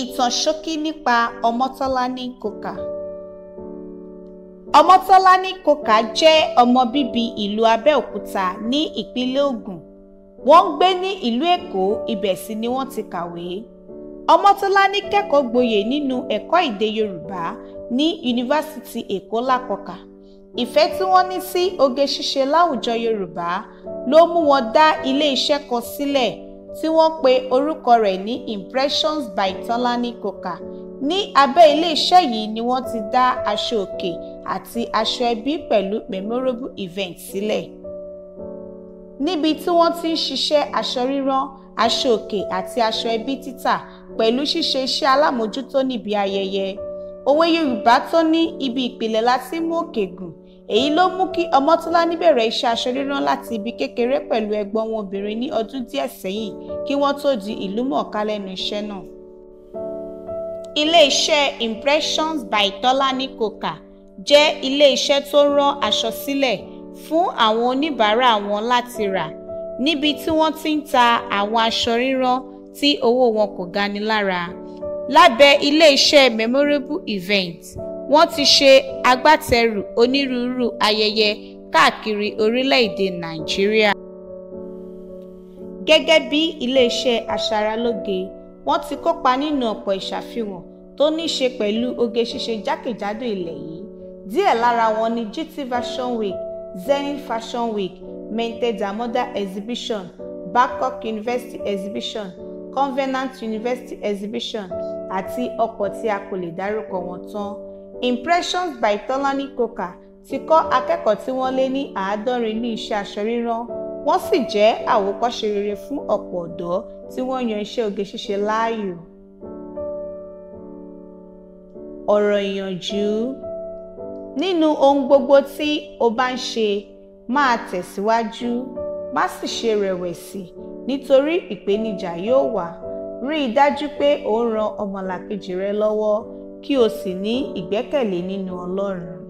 Ìtàn ṣókí nípa Ọmọ́tọ́lání Kòkà. Ọmọ́tọ́lání Kòkà jẹ́ ọmọ bíbí ìlú Abẹ́òkúta ní ìpínlẹ̀ Ògùn. Wọ́n ń gbé ní ìlú Èkó, ibẹ̀ sì ni wọ́n ti kàwé. Ọmọ́tọ́lání kẹ́kọ̀ọ́ gboyè nínú ẹ̀kọ́ èdè Yorùbá ní Yunifásítì Èkó Lákọ̀kà. Ìfẹ́ tí wọ́n ní sí oge ṣíṣe láwùjọ Yorùbá ló mú wọn dá ilé iṣẹ́ kan sílẹ̀ si tí wọ́n pe orúkọ rẹ̀ ní Impressions by Tolani Coker ní abẹ́ ilé yìí ni wọ́n ti dá aṣọ òkè àti aṣọ ẹbí pẹ̀lú memorable event sílẹ̀ níbi tí wọ́n ti ń ṣiṣẹ́ aṣọ rírán aṣọ òkè àti aṣọ ẹbí títà pẹ̀lú ṣíṣe iṣẹ́ alámòjútó níbi ayẹyẹ òwe Yorùbá tó ní ibi ìpìlẹ̀ láti mú òkè gùn èyí ló mú kí ọmọtọ́lání bẹ̀rẹ̀ iṣẹ́ aṣọ rírán láti ibi kékeré pẹ̀lú ẹ̀gbọ́n wọn obìnrin ní ọdún díẹ̀ sẹ́yìn kí wọ́n tó di ìlú mọ̀ọ́ká lẹ́nu iṣẹ́ náà. ilé-iṣẹ́ Impressions by Tọ́lání Coker jẹ́ ilé-iṣẹ́ tó rán aṣọ sílẹ̀ fún àwọn oníbàárà wọn láti rà níbi tí wọ́n ti ń ta àwọn aṣọ rírán tí owó wọn kò gani lára lábẹ́ ilé-iṣẹ́ Memorable Events wọ́n ti ṣe agbátẹrù onírúurú ayẹyẹ káàkiri orílẹ̀-èdè nàìjíríà. gẹ́gẹ́ bí iléeṣẹ́ aṣaralóge wọ́n ti kópa nínú ọ̀pọ̀ ìṣàfihàn tó ní ṣe pẹ̀lú oge ṣíṣe jákèjádò ilẹ̀ yìí díẹ̀ lára wọn ni GT Fashion Week Zenith Fashion Week Mente Damoda Exhibition Babcock University Exhibition Covenant University Exhibition àti ọ̀pọ̀ tí a kò lè dárúkọ wọn tán impressions by tolani coker ti kọ́ akẹ́kọ̀ọ́ tí wọ́n lé ní àádọ́rin ní iṣẹ́ aṣọ rírán wọ́n sì jẹ́ àwòkọ́ṣe rere fún ọ̀pọ̀ ọ̀dọ́ tí wọ́n yan iṣẹ́ oge ṣíṣe láàyò. ọ̀rọ̀ ìyànjú nínú ohun gbogbo tí o bá ń ṣe máa tẹ̀síwájú má sì ṣe rẹ̀wẹ̀sì nítorí ìpèníjà yóò wà rí i dájú pé o ń ran ọmọlàkejì rẹ lọ́wọ́ kí o sì ní ìgbẹ́kẹ̀lé nínú Ọlọ́run.